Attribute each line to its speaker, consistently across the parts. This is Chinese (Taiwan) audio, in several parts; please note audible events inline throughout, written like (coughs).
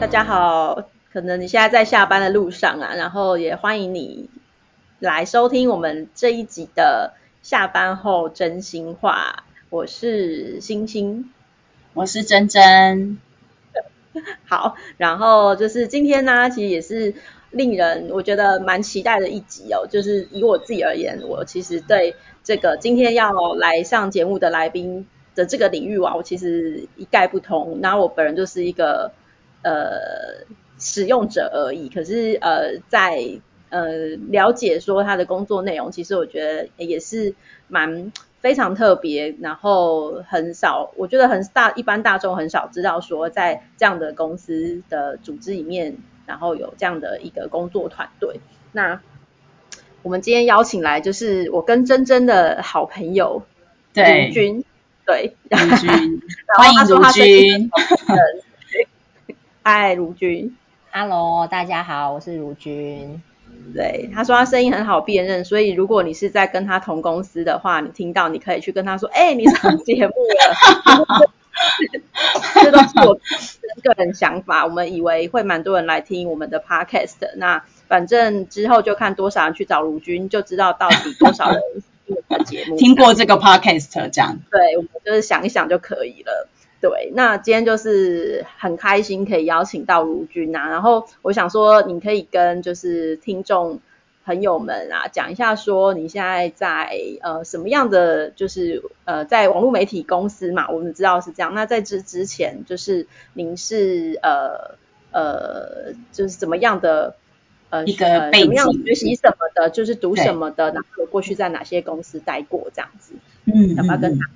Speaker 1: 大家好，可能你現在在下班的路上啊，然後也歡迎你來收聽我們這一集的下班後真馨話。我是馨馨，我是真真， (laughs) 好，然後就是今天呢、啊，其實也是。令人我覺得蠻期待的一集哦，就是以我自己而言，我其實對這個今天要來上節目的來賓的這個領域啊，我其實一概不通。然後我本人就是一個呃使用者而已，可是呃在呃了解說他的工作內容，其實我覺得也是蠻非常特別，然後很少我覺得很大一般大眾很少知道說在這樣的公司的組織裡面。然後有這樣的一個工作團隊，那我們今天邀請來就是我跟真真的好朋友，對，如君，
Speaker 2: 對，如君，他他歡迎如君，愛如君，Hello，大家好，我是如君，對，他說他
Speaker 1: 聲音很好辨認，所以如果你是在跟他同公司的話，你聽到你可以去跟他說，哎、欸，你上節目了。 (laughs) (laughs) 這都是我個人想法，我們以為會蠻多人來聽我們的 podcast。那反正之後就看多少人去找如君，就知道到底多少人聽過節目， (laughs) 聽過這個 podcast。這樣，對，我們就是想一想就可以了。對，那今天就是很開心可以邀請到如君啊。然後我想說，你可以跟就是聽眾。朋友們啊，講一下說你現在在呃什麼樣的就是呃在網絡媒體公司嘛，我們知道是這樣。那在這之前，就是您是呃呃就是怎麼樣的呃一個怎麼樣學習什麼的，就是讀什麼的，然後過去在哪些公司待過這樣子？嗯,嗯,嗯，要不要跟他。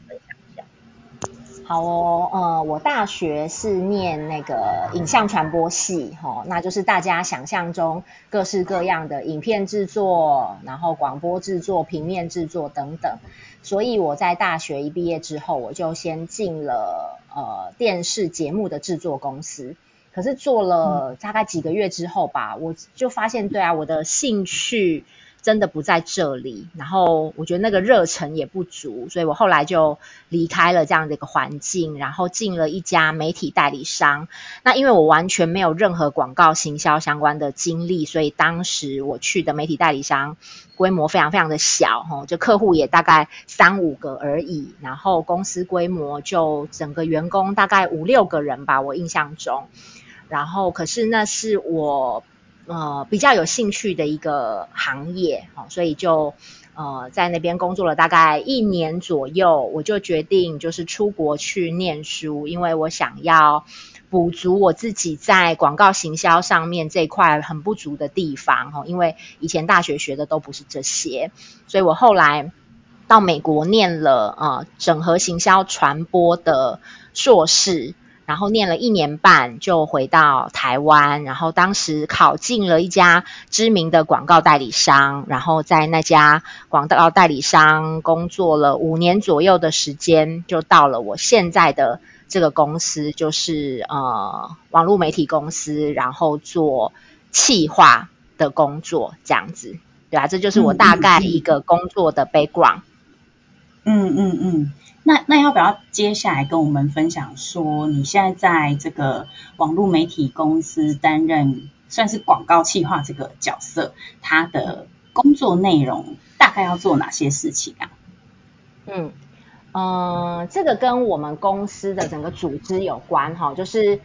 Speaker 2: 好哦，呃，我大學是念那個影像傳播系，齁，那就是大家想象中各式各樣的影片製作，然後廣播製作、平面製作等等。所以我在大學一畢業之後，我就先進了呃電視節目的製作公司。可是做了大概幾個月之後吧，我就發現，對啊，我的興趣。真的不在這裡，然後我覺得那個熱忱也不足，所以我後來就離開了這樣的一個環境，然後進了一家媒體代理商。那因為我完全沒有任何廣告行銷相關的經歷，所以當時我去的媒體代理商規模非常非常的小，就客戶也大概三五個而已，然後公司規模就整個員工大概五六個人吧，我印象中。然後可是那是我，呃，比較有興趣的一個行業，哦，所以就呃在那邊工作了大概一年左右，我就決定就是出國去念書，因為我想要補足我自己在廣告行銷上面這塊很不足的地方，哦，因為以前大學學的都不是這些，所以我後來到美國念了呃整合行銷傳播的碩士。然後念了一年半，就回到台灣。然後當時考進了一家知名的廣告代理商，然後在那家廣告代理商工作了五年左右的時間，就到了我現在的這個公司，就是呃網絡媒體公司，然後做企劃的工作，這樣子，對吧、啊？這就是我大概一個工作的 background。嗯嗯嗯。
Speaker 1: 嗯嗯嗯那那要不要接下來跟我們分享說，你現在在這個網絡媒體公司擔任算是廣告企劃這個角色，他的工作內容大概要做哪些事情啊？嗯，
Speaker 2: 呃，這個跟我們公司的整個組織有關哈，就是。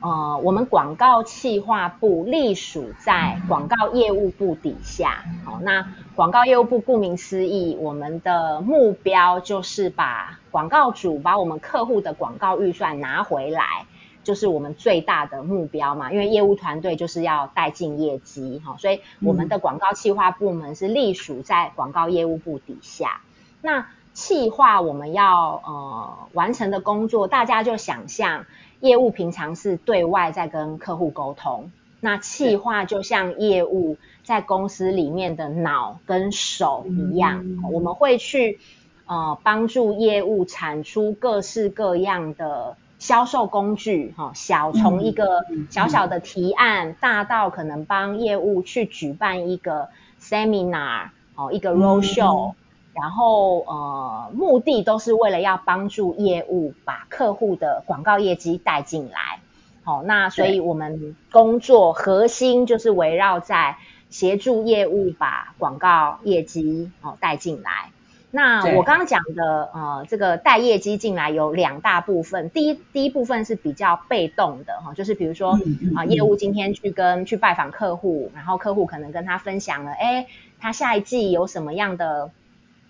Speaker 2: 呃，我們廣告企劃部隸屬在廣告業務部底下，哦。那廣告業務部顧名思義，我們的目標就是把廣告主、把我們客戶的廣告預算拿回來，就是我們最大的目標嘛。因為業務團隊就是要帶進業績哈，哦，所以我們的廣告企劃部門是隸屬在廣告業務部底下。那企劃我們要呃完成的工作，大家就想象。業務平常是對外在跟客戶溝通，那企劃就像業務在公司裡面的腦跟手一樣，嗯，我們會去呃幫助業務產出各式各樣的銷售工具哈，呃，小從一個小小的提案，嗯嗯，大到可能幫業務去舉辦一個 seminar，呃，一個 roadshow，嗯。嗯然後呃，目的都是為了要幫助業務把客戶的廣告業績帶進來，好、哦，那所以我們工作核心就是圍繞在協助業務把廣告業績哦帶進來。那我剛剛講的呃，這個帶業績進來有兩大部分，第一第一部分是比較被動的哈、哦，就是比如說啊、 (laughs) 呃，業務今天去跟去拜訪客戶，然後客戶可能跟他分享了，哎，他下一季有什麼樣的。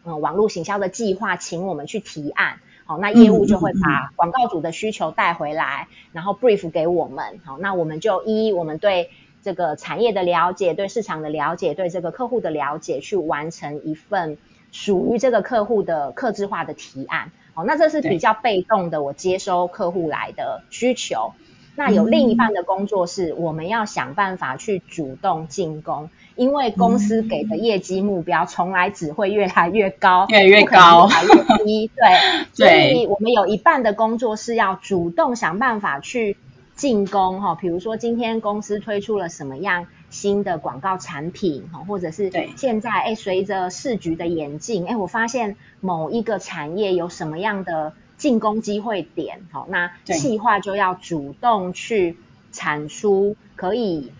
Speaker 2: 嗯，網絡行銷的計劃，請我們去提案。好、哦，那業務就會把廣告主的需求帶回來，嗯嗯嗯然後 brief 給我們。好、哦，那我們就依我們對這個產業的了解、對市場的了解、對這個客戶的了解，去完成一份屬於這個客戶的客制化的提案。好、哦，那這是比較被動的，我的，我接收客戶來的需求。那有另一半的工作是我們要想辦法去主動進攻，因為公司給的業績目標從來只會越來越高，越來越高，不會越低。對，所以我們有一半的工作是要主動想辦法去進攻哈，比如說今天公司推出了什麼樣新的廣告產品哈，或者是對現在哎隨着市局的演進，哎我發現某一個產業有什麼樣的。進攻機會點，好、哦，那企劃就要主動去產出可以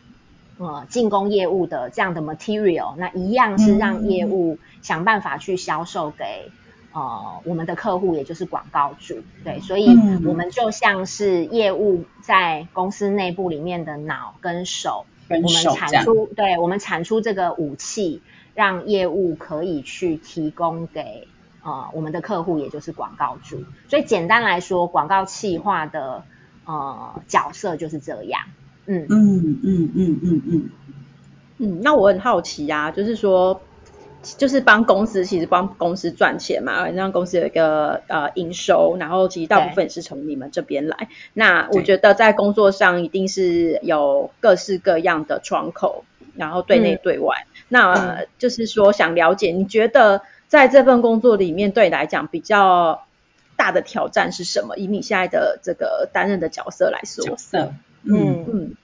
Speaker 2: 呃進攻業務的這樣的 material，那一樣是讓業務想辦法去銷售給、嗯、呃我們的客戶，也就是廣告主、嗯，對，所以我們就像是業務在公司內部裡面的腦跟手，跟手我們產出，對，我們產出這個武器，讓業務可以去提供給。呃，我們的客戶也就是廣告主，所以簡單來說，廣告企劃的呃角色就是這樣。嗯
Speaker 1: 嗯
Speaker 2: 嗯嗯嗯嗯嗯。那我很好奇啊，就是說，
Speaker 1: 就是幫公司其實幫公司賺錢嘛，讓公司有一個呃營收，嗯，然後其實大部分是從你們這邊來。那我覺得在工作上一定是有各式各樣的窗口，然後對內對外。嗯。那，呃，就是說，想了解，你覺得？在這份工作裡面，對你來講比較大的挑戰是什麼？以你現在的這個擔任的角色來說，角色，嗯嗯，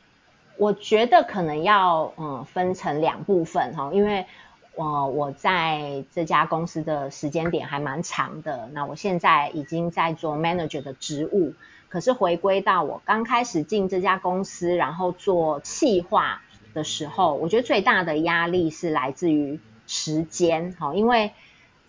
Speaker 2: 我覺得可能要嗯分成兩部分哈、哦，因為呃我在這家公司的時間點還蠻長，的那我現在已經在做 manager 的職務，可是回歸到我剛開始進這家公司，然後做企劃的時候，我覺得最大的壓力是來自於時間哈、哦，因為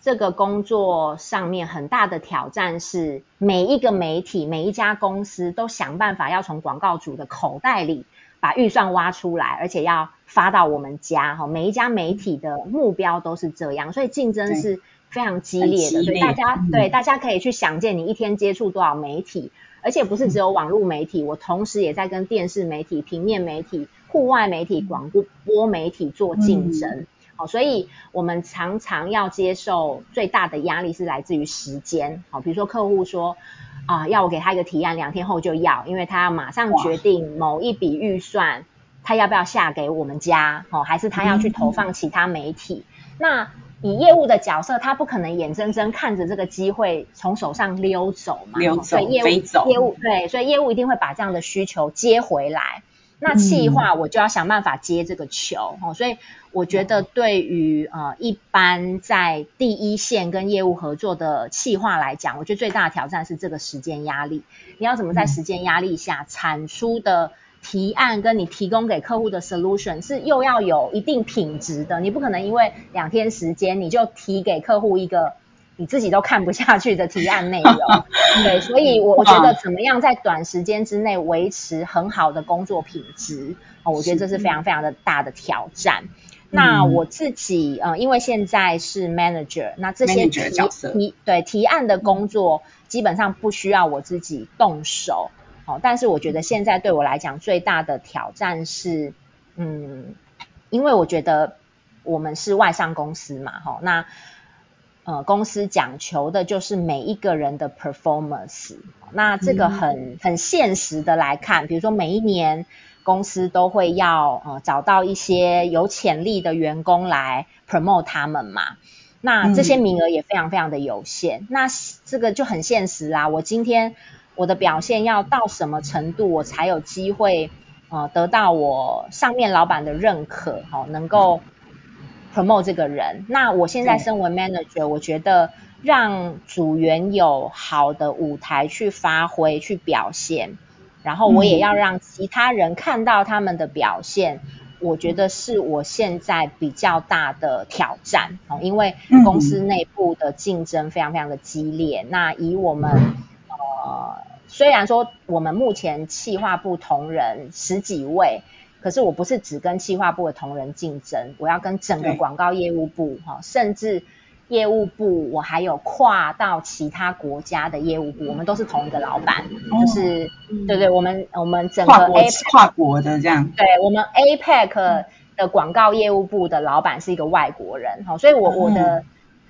Speaker 2: 這個工作上面很大的挑戰是，每一個媒體每一家公司都想辦法要從廣告主的口袋裡把預算挖出來，而且要發到我們家哈。每一家媒體的目標都是這樣，所以競爭是非常激烈的。所以大家對、嗯、大家可以去想見，你一天接觸多少媒體，而且不是只有網絡媒體、嗯，我同時也在跟電視媒體、平面媒體、戶外媒體、廣播媒體做競爭。嗯好、哦，所以我們常常要接受最大的壓力是來自於時間。好、哦，比如說客戶說啊、呃，要我給他一個提案，兩天後就要，因為他要馬上決定某一筆預算，他要不要下給我們家，哦，還是他要去投放其他媒體、嗯。那以業務的角色，他不可能眼睜睜看着這個機會從手上溜走嘛。溜走，哦、飛走。業務，對，所以業務一定會把這樣的需求接回來。那企劃我就要想辦法接這個球，嗯，哦，所以我覺得對於呃一般在第一線跟業務合作的企劃來講，我覺得最大的挑戰是這個時間壓力。你要怎麼在時間壓力下產出的提案，跟你提供給客戶的 solution 是又要有一定品質的，你不可能因為兩天時間你就提給客戶一個。你自己都看不下去的提案內容， (laughs) 對，所以我我覺得怎麼樣在短時間之內維持很好的工作品質、 (laughs) 哦、我覺得這是非常非常的大的挑戰。那我自己呃，因為現在是 manager，那這些提 (laughs) 提，提對提案的工作基本上不需要我自己動手哦。但是我覺得現在對我來講最大的挑戰是，嗯，因為我覺得我們是外商公司嘛，哈、哦，那。呃，公司講求的就是每一個人的 performance，那這個很，嗯，很現實的來看，比如說每一年公司都會要呃找到一些有潛力的員工來 promote 他們嘛，那這些名額也非常非常的有限，嗯，那這個就很現實啊，我今天我的表現要到什麼程度，我才有機會呃得到我上面老闆的認可，哈，呃，能夠。promote 這個人，那我現在身為 manager，我覺得讓組員有好的舞台去發揮、去表現，然後我也要讓其他人看到他們的表現，嗯、我覺得是我現在比較大的挑戰，哦，因為公司內部的競爭非常非常的激烈。嗯、那以我們呃，雖然說我們目前企劃部同仁十幾位。可是我不是只跟企劃部的同仁競爭，我要跟整個廣告業務部哈，甚至業務部，我還有跨到其他國家的業務部，我們都是同一個老闆，哦、就是對不對？我們我們整個 APAC 跨，跨國的這樣，對，我們 APEC 的廣告業務部的老闆是一個外國人哈，所以我、嗯、我的。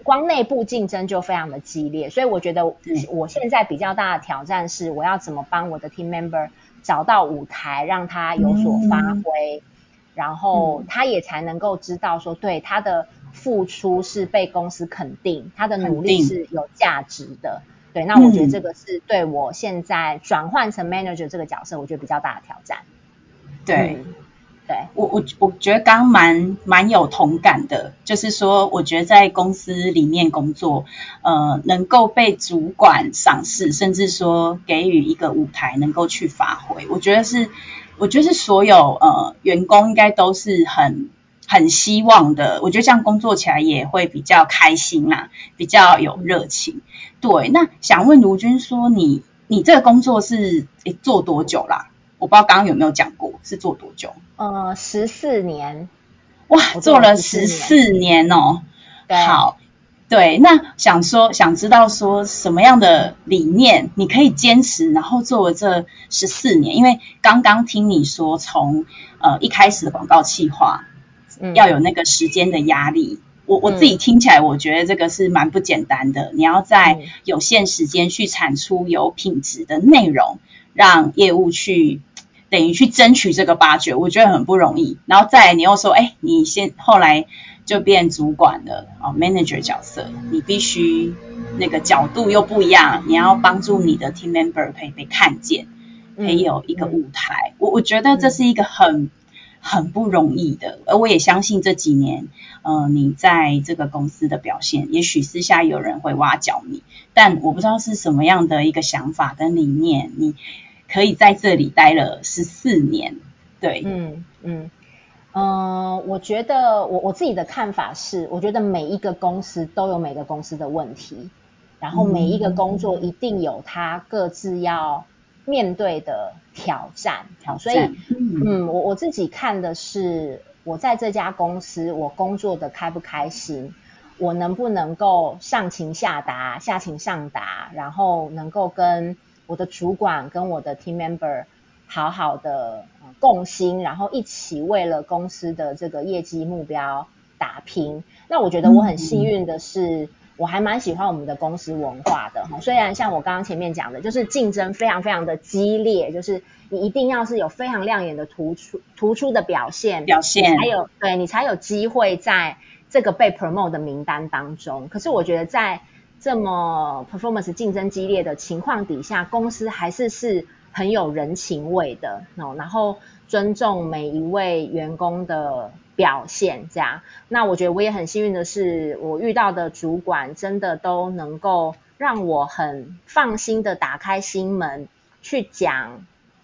Speaker 2: 光內部競爭就非常的激烈，所以我覺得我現在比較大的挑戰是，我要怎麼幫我的 team member 找到舞台，讓他有所發揮，嗯，然後他也才能夠知道說，對他的付出是被公司肯定，他的努力是有價值的。對，那我覺得這個是對我現在轉換成 manager 這個角色，我覺得比較大的挑戰。
Speaker 1: 對。嗯。對，我我我覺得剛剛蠻蠻有同感的，就是說我覺得在公司裡面工作，呃，能夠被主管賞識，甚至說給予一個舞台能夠去發揮，我覺得是我覺得是所有呃員工應該都是很很希望的。我覺得這樣工作起來也會比較開心啦、啊，比較有熱情。對，那想問如君說你，你你這個工作是誒做多久啦、啊？我不知道剛剛有沒有講過。是做多久？
Speaker 2: 呃，十四年，
Speaker 1: 哇，做了十四年哦。好，對，那想說，想知道說什麼樣的理念你可以堅持，然後做了這十四年？因為剛剛聽你說，從呃一開始的廣告企劃、嗯，要有那個時間的壓力。我我自己聽起來，我覺得這個是蠻不簡單的、嗯。你要在有限時間去產出有品質的內容，讓業務去。等於去爭取這個 budget，我覺得很不容易。然後再來你又說，哎，你先後來就變主管了啊、哦、manager 角色，你必須那個角度又不一樣，你要幫助你的 team member 可以被看見，可以有一個舞台。嗯嗯、我我覺得這是一個很、嗯、很不容易的，而我也相信這幾年，嗯、呃，你在這個公司的表現，也許私下有人會挖角你，但我不知道是什麼樣的一個想法跟理念，你。可以在這裡待了十四年，
Speaker 2: 對，嗯嗯嗯、呃，我覺得我我自己的看法是，我覺得每一個公司都有每個公司的問題，然後每一個工作一定有它各自要面對的挑戰，嗯、挑戰。所以，嗯，嗯我我自己看的是我在這家公司我工作的開不開心，我能不能夠上情下達下情上達，然後能夠跟。我的主管跟我的 team member 好好的共心，然後一起為了公司的這個業績目標打拼。那我覺得我很幸運的是，嗯，我還蠻喜歡我們的公司文化的哈。雖然像我剛剛前面講的，就是競爭非常非常的激烈，就是你一定要是有非常亮眼的突出突出的表現，表現才有對你才有機會在這個被 promote 的名單當中。可是我覺得在這麼 performance 競爭激烈的情況底下，公司還是是很有人情味的，然後尊重每一位員工的表現，這樣。那我覺得我也很幸運的是，我遇到的主管真的都能夠讓我很放心的打開心門，去講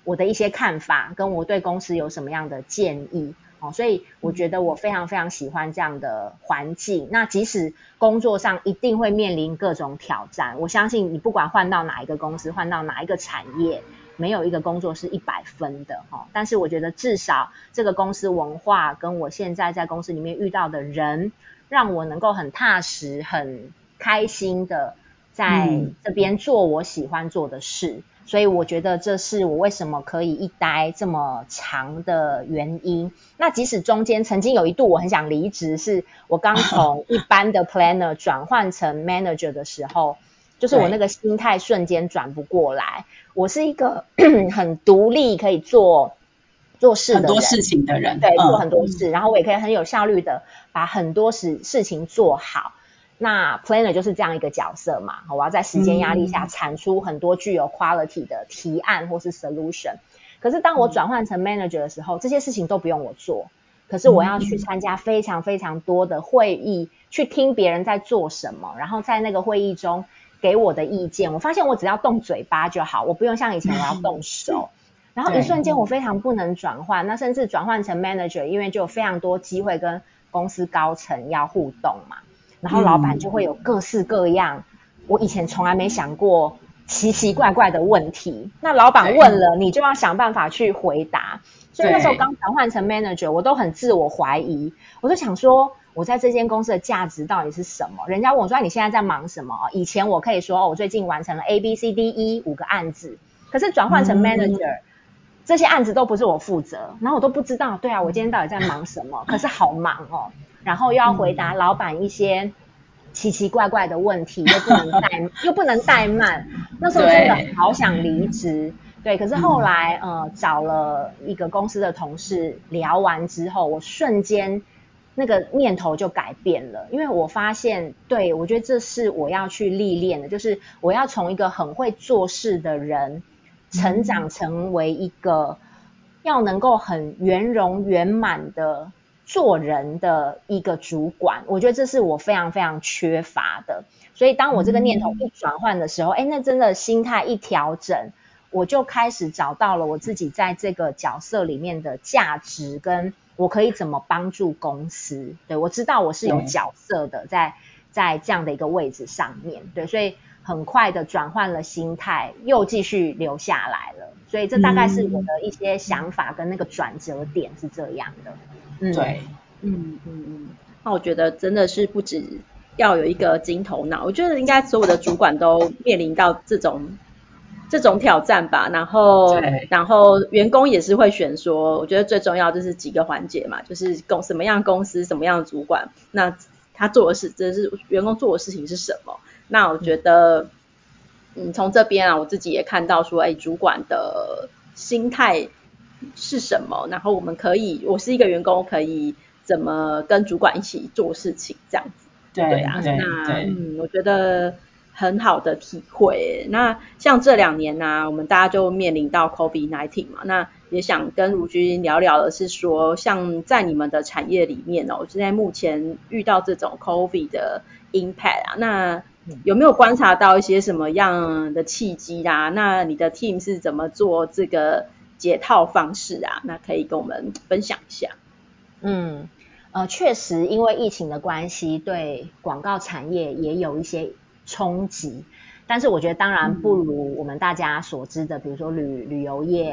Speaker 2: 我的一些看法，跟我對公司有什麼樣的建議。哦，所以我覺得我非常非常喜歡這樣的環境，嗯。那即使工作上一定會面臨各種挑戰，我相信你不管換到哪一個公司，換到哪一個產業，沒有一個工作是一百分的哈，哦。但是我覺得至少這個公司文化跟我現在在公司裡面遇到的人，讓我能夠很踏實，很開心的在這邊做我喜歡做的事。嗯嗯所以我覺得這是我為什麼可以一待這麼長的原因。那即使中間曾經有一度我很想離職，是我剛從一般的 planner 轉換成 manager 的時候， (laughs) 就是我那個心態瞬間轉不過來。我是一個 (coughs) 很獨立可以做做事的很多事情的人，對，嗯、對，做很多事，嗯，然後我也可以很有效率的把很多事事情做好。那 planner 就是這樣一個角色嘛，我要在時間壓力下產出很多具有 quality 的提案或是 solution、嗯。可是當我轉換成 manager 的時候、嗯，這些事情都不用我做，可是我要去參加非常非常多的會議、嗯，去聽別人在做什麼，然後在那個會議中給我的意見。我發現我只要動嘴巴就好，我不用像以前我要動手。嗯、然後一瞬間我非常不能轉換、嗯，那甚至轉換成 manager，因為就有非常多機會跟公司高層要互動嘛。然後老闆就會有各式各樣、嗯，我以前從來沒想過奇奇怪怪的問題。那老闆問了，啊、你就要想辦法去回答。所以那時候剛轉換成 manager，我都很自我懷疑，我就想說，我在這間公司的價值到底是什麼？人家問我說，你現在在忙什麼？以前我可以說我最近完成了 A B C D E 五個案子，可是轉換成 manager、嗯。這些案子都不是我負責，然後我都不知道，對啊，我今天到底在忙什麼？ (laughs) 可是好忙哦，然後又要回答老板一些奇奇怪怪怪的問題，又不能怠又不能怠慢， (laughs) 怠慢 (laughs) 那時候真的好想離職。對，可是後來、嗯、呃找了一個公司的同事聊完之後，我瞬間那個念頭就改變了，因為我發現，對，我覺得這是我要去歷練的，就是我要從一個很會做事的人。成長成為一個要能夠很圓融圓滿的做人的一個主管，我覺得這是我非常非常缺乏的。所以當我這個念頭一轉換的時候，哎，那真的心態一調整，我就開始找到了我自己在這個角色裡面的價值，跟我可以怎麼幫助公司。對，我知道我是有角色的，在在這樣的一個位置上。面對，所以。很快的轉換了心態，又繼續留下來了，所以這大概是我的一些想法跟那個轉折點是這樣的。嗯，對，
Speaker 1: 嗯嗯嗯，那我覺得真的是不只要有一個金頭腦，我覺得應該所有的主管都面臨到這種這種挑戰吧。然後對，然後員工也是會選說，我覺得最重要就是幾個環節嘛，就是公什麼樣公司，什麼樣的主管，那他做的事，這是員工做的事情是什麼？那我覺得，嗯，從這邊啊，我自己也看到說，哎，主管的心態是什麼？然後我們可以，我是一個員工，可以怎麼跟主管一起做事情？這樣子，對，
Speaker 2: 對啊，對那對
Speaker 1: 嗯，我覺得很好的體會。那像這兩年呢，啊，我們大家就面臨到 COVID-19 嘛，那也想跟如君聊聊的是說，像在你們的產業裡面哦，現在目前遇到這種 COVID 的 impact 啊，那有沒有觀察到一些什麼樣的契機啦、啊？那你的 team 是怎麼做這個解套方式啊？那可以
Speaker 2: 跟我們分享一下。嗯，呃，確實因為疫情的關係，對廣告產業也有一些衝擊。但是我覺得，當然不如我們大家所知的，嗯、比如說旅旅遊業，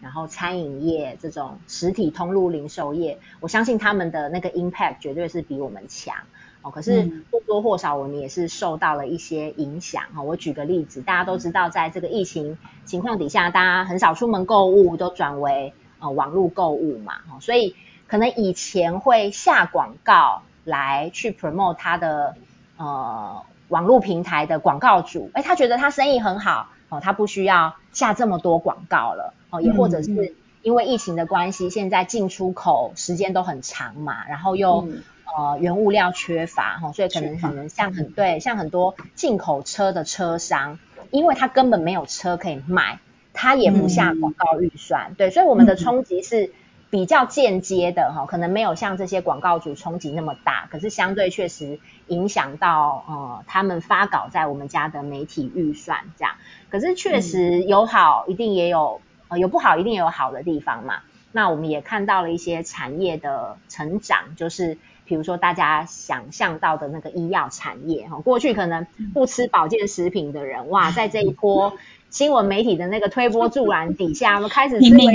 Speaker 2: 然後餐飲業這種實體通路零售業，我相信他們的那個 impact 絕對是比我們強。哦、可是或多，多或少我們也是受到了一些影響哈、嗯哦。我舉個例子，大家都知道，在這個疫情情況底下，嗯、大家很少出門購物，都轉為呃網絡購物嘛、哦、所以可能以前會下廣告來去 promote 它的呃網絡平台的廣告主，誒、哎、他覺得他生意很好哦，他不需要下這麼多廣告了哦，也或者是因為疫情的關係、嗯，現在進出口時間都很長嘛，然後又、嗯。呃，原物料缺乏哈、哦，所以可能可能像很對，像很多進口車的車商，因為他根本沒有車可以賣，他也不下廣告預算，嗯、對，所以我們的衝擊是比較間接的哈、嗯哦，可能沒有像這些廣告主衝擊那麼大，可是相對確實影響到呃他們發稿在我們家的媒體預算這樣，可是確實有好，一定也有呃有不好，一定也有好的地方嘛。那我們也看到了一些產業的成長，就是。比如說，大家想象到的那個醫藥產業哈，過去可能不吃保健食品的人、嗯，哇，在這一波新聞媒體的那個推波助瀾底下， (laughs) 我們開始吃維他命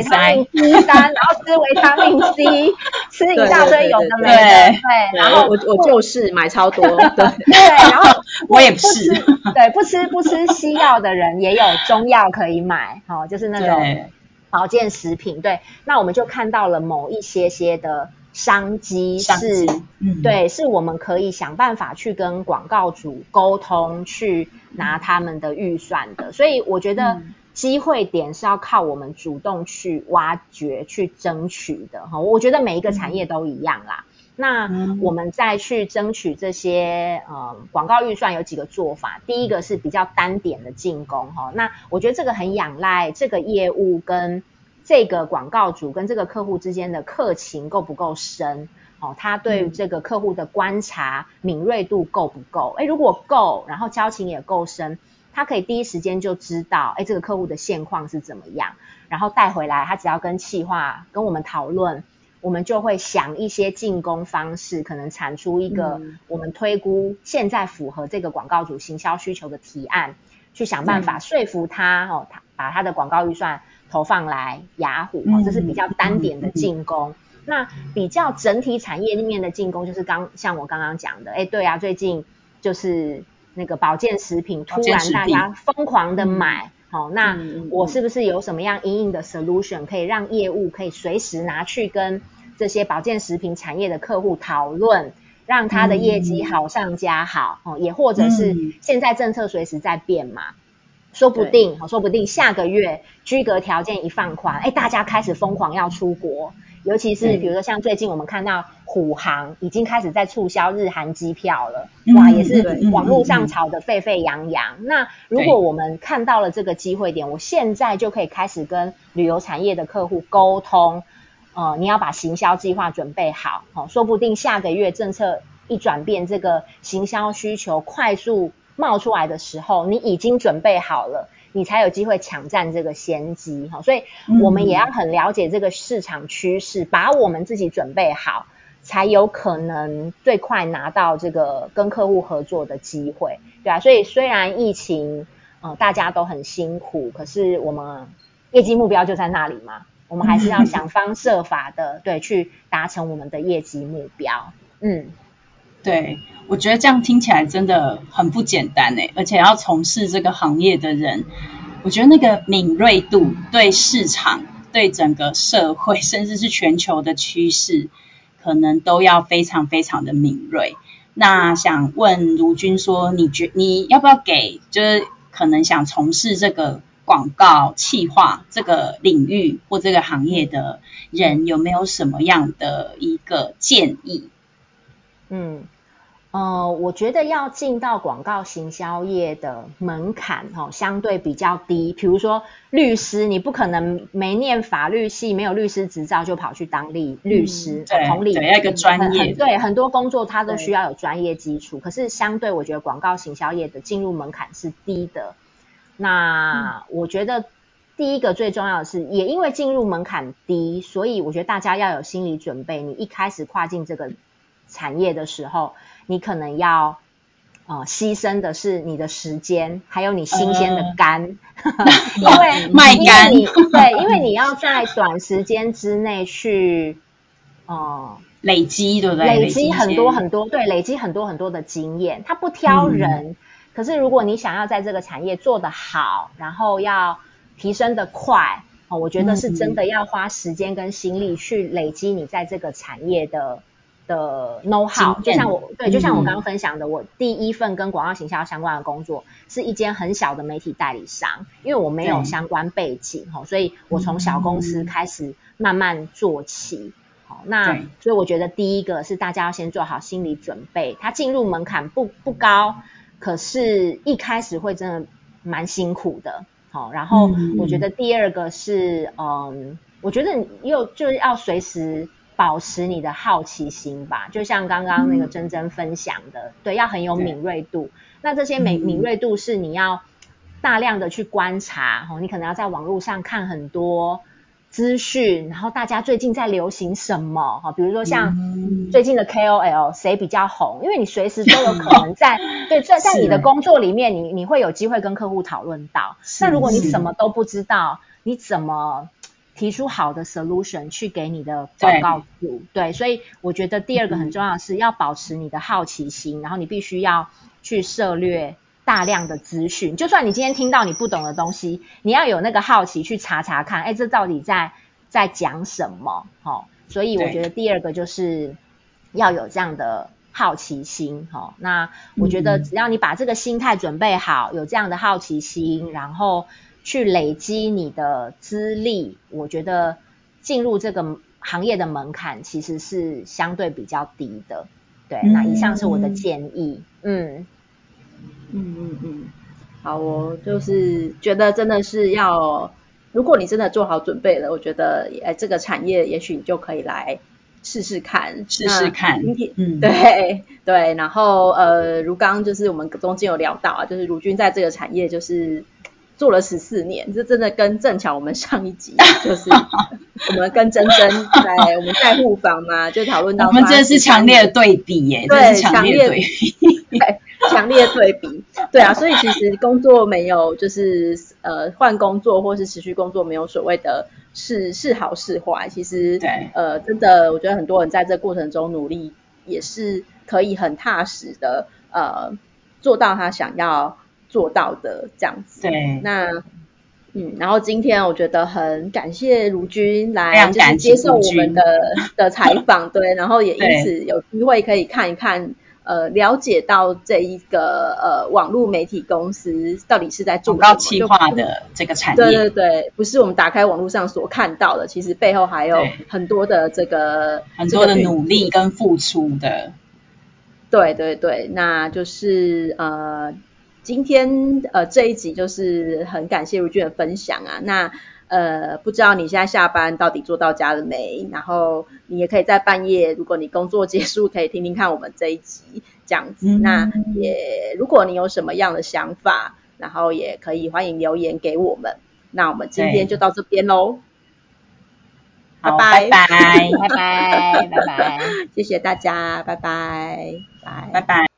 Speaker 2: D 三，然後吃維他命 C， (laughs) 吃一大堆有的沒的，對對,對,對,對,對，然後我我就是買超多，對 (laughs) 對，
Speaker 1: 然後 (laughs) 我也不
Speaker 2: 是對。對不吃不吃西藥的人也有中藥可以買，哈，就是那種保健食品，對，那我們就看到了某一些些的。商機是商機、嗯，對，是我們可以想辦法去跟廣告主溝通，去拿他們的預算的。所以我覺得機會點是要靠我們主動去挖掘、去爭取的哈。我覺得每一個產業都一樣啦。嗯、那我們再去爭取這些呃廣告預算，有幾個做法。第一個是比較單點的進攻哈。那我覺得這個很仰賴這個業務跟。這個廣告主跟這個客戶之間的客情夠不夠深？哦，他對這個客戶的觀察敏銳度夠不夠？誒，如果夠，然後交情也夠深，他可以第一時間就知道，誒，這個客戶的現況是怎麼樣，然後帶回來，他只要跟企劃跟我們討論，我們就會想一些進攻方式，可能產出一個我們推估現在符合這個廣告主行銷需求的提案，去想辦法說服他，哦，他把他的廣告預算，投放來雅虎，這是比較單點的進攻。嗯嗯嗯、那比較整體產業面的進攻，就是剛像我剛剛講的，哎，對啊，最近就是那個保健食品突然大家瘋狂的買，好、嗯哦，那我是不是有什麼樣因應的 solution 可以讓業務可以隨時拿去跟這些保健食品產業的客戶討論，讓他的業績好上加好？哦、嗯，也或者是現在政策隨時在變嘛。說不定說不定下個月居隔條件一放寬，誒、哎、大家開始瘋狂要出國，尤其是比如說像最近我們看到，虎航已經開始在促銷日韓機票了，嗯、哇，也是、嗯嗯、網絡上炒得沸沸揚揚、嗯嗯。那如果我們看到了這個機會點，我現在就可以開始跟旅遊產業的客戶溝通，呃，你要把行銷計劃準備好，說不定下個月政策一轉變，這個行銷需求快速冒出來的時候，你已經準備好了，你才有機會搶佔這個先機哈。所以，我們也要很了解這個市場趨勢，把我們自己準備好，才有可能最快拿到這個跟客戶合作的機會，對啊。所以，雖然疫情，嗯，大家都很辛苦，可是我們業績目標就在那裡嘛，我們還是要想方設法的，對，去達成我們的業績目標，嗯。對，
Speaker 1: 我覺得這樣聽起來真的很不簡單誒，而且要從事這個行業的人，我覺得那個敏銳度對市場、對整個社會，甚至是全球的趨勢，可能都要非常非常的敏銳。那想問如君說，你覺你要不要給，就是可能想從事這個廣告企劃這個領域或這個行業的人，有沒有什麼樣的一個
Speaker 2: 建議？嗯，呃，我覺得要進到廣告行銷業的門檻，哈、哦，相對比較低。比如說律師，你不可能沒念法律系、沒有律師執照就跑去當律律師、嗯哦。同理，每個專業、嗯、很很對很多工作，它都需要有專業基礎。可是相對，我覺得廣告行銷業的進入門檻是低的。那、嗯、我覺得第一個最重要的是，也因為進入門檻低，所以我覺得大家要有心理準備，你一開始跨進這個產業的時候，你可能要，呃，犧牲的是你的時間，還有你新鮮的肝，
Speaker 1: 呃、 (laughs) 因為賣肝、
Speaker 2: oh,，對，因為你要在短時間之內去，哦、呃，累積，對不對？累積很多很多，對，累積很多很多的經驗。它不挑人、嗯，可是如果你想要在這個產業做得好，然後要提升得快，哦、呃，我覺得是真的要花時間跟心力去累積你在這個產業的。的 know how 就像我對，就像我剛剛分享的，嗯、我第一份跟廣告行銷相關的工作，是一間很小的媒體代理商，因為我沒有相關背景、哦、所以我從小公司開始慢慢做起，好、嗯嗯哦，那所以我覺得第一個是大家要先做好心理準備，它進入門檻不不高，可是一開始會真的蠻辛苦的，好、哦，然後我覺得第二個是，嗯，嗯嗯我覺得你又就是要隨時。保持你的好奇心吧，就像剛剛那個真真分享的、嗯，對，要很有敏銳度。那這些敏敏銳度是你要大量的去觀察、嗯哦，你可能要在網絡上看很多資訊，然後大家最近在流行什麼，哈、哦，比如說像最近的 KOL、嗯、誰比較紅，因為你隨時都有可能在 (laughs) 對在在你的工作裡面， (laughs) 你你會有機會跟客戶討論到。那如果你什麼都不知道，你怎麼？提出好的 solution 去給你的廣告主，對，所以我覺得第二個很重要的是要保持你的好奇心，嗯、然後你必須要去涉獵大量的資訊，就算你今天聽到你不懂的東西，你要有那個好奇去查查看，哎，這到底在在講什麼？好、哦，所以我覺得第二個就是要有這樣的好奇心哈、哦。那我覺得只要你把這個心態準備好，有這樣的好奇心，嗯、然後。去累積你的資歷，我覺得進入這個行業的門檻其實是相對比較低的。對，那以上是我的建議。嗯，嗯嗯嗯，嗯，好，我就是覺得
Speaker 1: 真的是要，如果你真的做好準備了，我覺得呃、哎、這個產業也許你就可以來試試看，試試看。嗯， (laughs) 對對，然後呃如剛就是我們中間有聊到啊，就是如君在這個產業就是。做了十四年，這真的跟正巧我們上一集就是我們跟真真在， (laughs) 在我們在互訪嘛，就討論到我們真的是強烈的對比耶，是對比，對，強烈對比，強烈對比，對啊，所以其實工作沒有就是呃換工作或是持續工作沒有所謂的是是好是壞，其實對呃真的我覺得很多人在這個過程中努力也是可以很踏實的呃做到他想要。做到的這樣子，對，那嗯，然後今天我覺得很感謝如君來，就是接受我們的我們的採訪，採訪 (laughs) 對，然後也因此有機會可以看一看，呃，了解到這一個呃網絡媒體公司到底是在做什麼企劃的這個產業，對對對，不是我們打開網絡上所看到的，其實背後還有很多的這個、這個、很多的努力跟付出的，對對對，那就是呃。今天呃這一集就是很感謝如君的分享啊，那呃不知道你現在下班到底做到家了沒？然後你也可以在半夜，如果你工作結束可以聽聽看我們這一集這樣子。嗯、那也如果你有什麼樣的想法，然後也可以歡迎留言給我們。那我們今天就到這邊嘍，
Speaker 2: 好，拜拜 (laughs) 拜拜 (laughs) 拜拜，
Speaker 1: 謝謝大家，拜拜拜拜。拜拜。